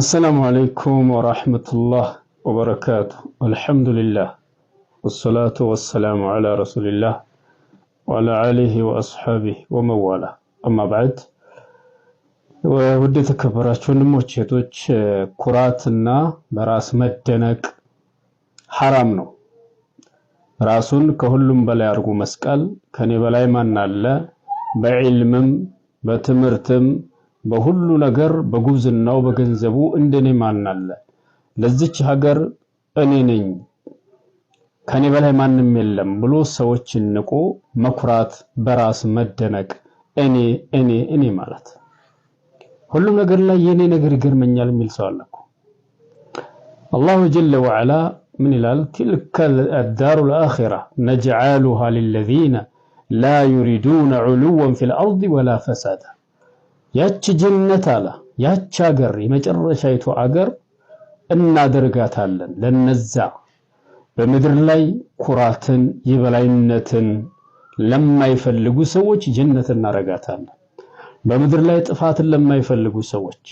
አሰላሙ አለይኩም ወራህመቱላህ ወበረካቱ። አልሐምዱሊላህ ወሰላቱ ወሰላሙ አላ ረሱሊላህ ወአላ አሊህ ወአስሓቢህ ወመዋላ አማ ባዕድ። ውድ የተከበራችሁ ወንድሞች እህቶች፣ ኩራትና በራስ መደነቅ ሐራም ነው። ራሱን ከሁሉም በላይ አድርጎ መስቀል ከኔ በላይ ማን አለ በዒልምም በትምህርትም بهلو نجر بجوز النوبة جنزبو إندني ما نلا لزجش هجر أنيني كني بله ما نملم بلو سوتش النكو مكرات براس مدنك أني أني أني مالت هلو نجر لا يني نجر غير من يال ميل سؤالكو الله جل وعلا من الال تلك الدار الآخرة نجعلها للذين لا يريدون علوا في الأرض ولا فسادا ያች ጀነት አለ ያች አገር የመጨረሻይቱ አገር እናደርጋታለን ለነዛ በምድር ላይ ኩራትን የበላይነትን ለማይፈልጉ ሰዎች ጀነት እናረጋታለን። በምድር ላይ ጥፋትን ለማይፈልጉ ሰዎች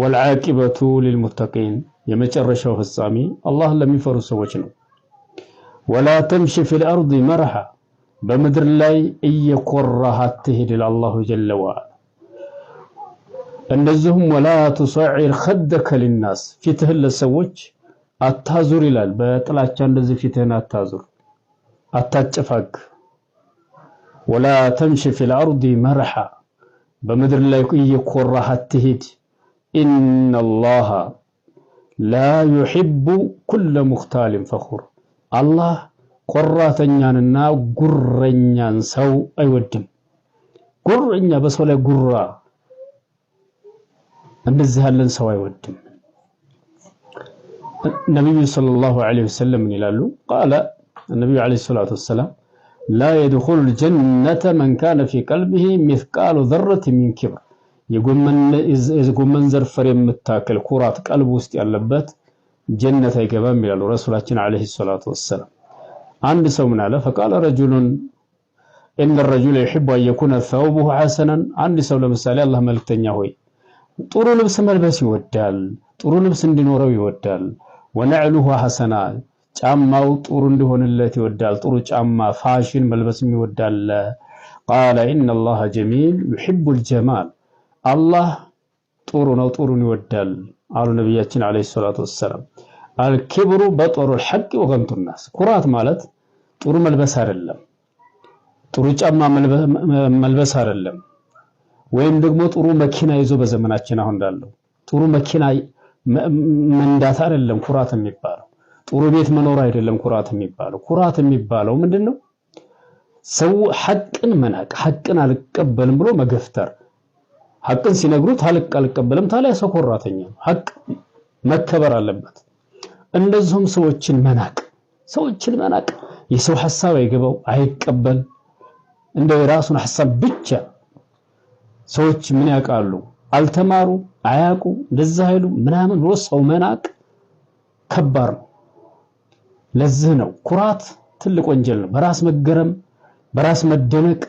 ወልዓቂበቱ ሊልሙተቂን የመጨረሻው ፍጻሜ አላህን ለሚፈሩ ሰዎች ነው። ወላ ተምሺ ፊል አርዲ መርሃ بمدر لاي اي كره تهد الله جل وعلا انزهم ولا تصعر خدك للناس في تهل سوج اتازر الال بطلاچا اندز في تهنا اتازر اتاتفق ولا تمشي في الارض مرحا بمدر لاي اي كره تهد ان الله لا يحب كل مختال فخور الله قرتنيانا غرنيان سو ايودم غرنيا بسولا غرا انزهالن سو ايودم النبي صلى الله عليه وسلم من لالو قال النبي عليه الصلاه والسلام لا يدخل الجنه من كان في قلبه مثقال ذره من كبر يغمن اذا غمن زر فريم متاكل كرات قلب وسط يالبت جنه يغبا من لالو رسولنا عليه الصلاه አንድ ሰው ምን አለ? ፈቃለ ረጁሉን ኢነ ረጁል ዩሒቡ አን ሰውቡሁ ሐሰናን። አንድ ሰው ለምሳሌ አላህ መልክተኛ ሆይ ጥሩ ልብስ መልበስ ይወዳል፣ ጥሩ ልብስ እንዲኖረው ይወዳል። ወነዕሉሁ ሐሰና፣ ጫማው ጥሩ እንዲሆንለት ይወዳል። ጥሩ ጫማ ፋሽን መልበስ ይወዳል። ቃለ ኢነላሃ ጀሚል ዩሂቡል ጀማል፣ አላህ ጥሩ ነው፣ ጥሩን ይወዳል አሉ ነቢያችን ዓለይሂ ሰላቱ ወሰላም። አልኪብሩ በጦሩ ሐቅ ወገምቱ ኩራት ማለት ጥሩ መልበስ አይደለም፣ ጥሩ ጫማ መልበስ አይደለም፣ ወይም ደግሞ ጥሩ መኪና ይዞ በዘመናችን አሁን እንዳለው ጥሩ መኪና መንዳት አይደለም ኩራት የሚባለው። ጥሩ ቤት መኖር አይደለም ኩራት የሚባለው። ኩራት የሚባለው ምንድን ነው? ሰው ሐቅን መናቅ፣ ሐቅን አልቀበልም ብሎ መገፍተር። ሐቅን ሲነግሩት አልቀበልም ታዲያ ሰው ኩራተኛ ነው። ሐቅ መከበር አለበት። እንደዚሁም ሰዎችን መናቅ ሰዎችን መናቅ የሰው ሐሳብ አይገባው አይቀበል እንደ የራሱን ሐሳብ ብቻ ሰዎች ምን ያውቃሉ አልተማሩ አያውቁ እንደዛ አይሉ ምናምን ብሎ ሰው መናቅ ከባድ ነው ለዚህ ነው ኩራት ትልቅ ወንጀል ነው በራስ መገረም በራስ መደነቅ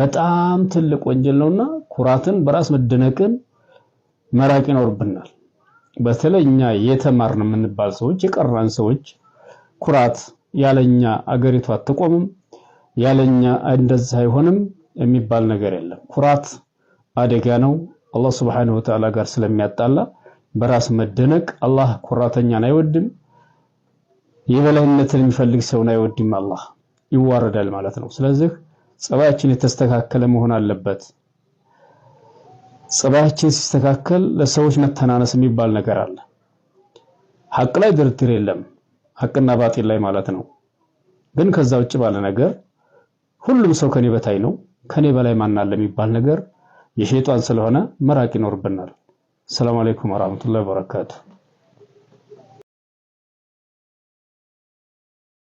በጣም ትልቅ ወንጀል ነውና ኩራትን በራስ መደነቅን መራቅ ይኖርብናል በተለይ እኛ የተማርን የምንባል ሰዎች የቀራን ሰዎች ኩራት ያለኛ አገሪቱ አትቆምም፣ ያለኛ እንደዚህ አይሆንም የሚባል ነገር የለም። ኩራት አደጋ ነው፣ አላህ ሱብሓነሁ ወተዓላ ጋር ስለሚያጣላ። በራስ መደነቅ አላህ ኩራተኛን አይወድም፣ የበላይነትን የሚፈልግ ሰውን አይወድም። አላህ ይዋረዳል ማለት ነው። ስለዚህ ጸባያችን የተስተካከለ መሆን አለበት። ጸባያችን ሲስተካከል ለሰዎች መተናነስ የሚባል ነገር አለ። ሀቅ ላይ ድርድር የለም፣ ሀቅና ባጢል ላይ ማለት ነው። ግን ከዛ ውጭ ባለ ነገር ሁሉም ሰው ከኔ በታይ ነው፣ ከኔ በላይ ማን አለ የሚባል ነገር የሸይጣን ስለሆነ መራቅ ይኖርብናል። ሰላም አለይኩም ወራህመቱላሂ ወበረካቱ።